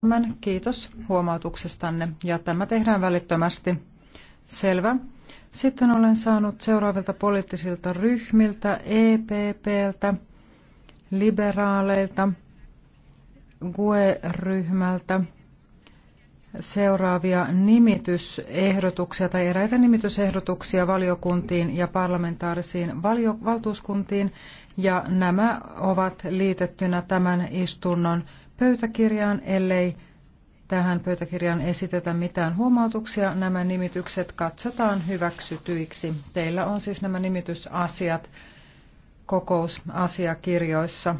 Tämän kiitos huomautuksestanne ja tämä tehdään välittömästi. Selvä. Sitten olen saanut seuraavilta poliittisilta ryhmiltä, EPPltä, liberaaleilta, GUE-ryhmältä, seuraavia nimitysehdotuksia tai eräitä nimitysehdotuksia valiokuntiin ja parlamentaarisiin valio- valtuuskuntiin ja nämä ovat liitettynä tämän istunnon pöytäkirjaan, ellei tähän pöytäkirjaan esitetä mitään huomautuksia. Nämä nimitykset katsotaan hyväksytyiksi. Teillä on siis nämä nimitysasiat kokousasiakirjoissa.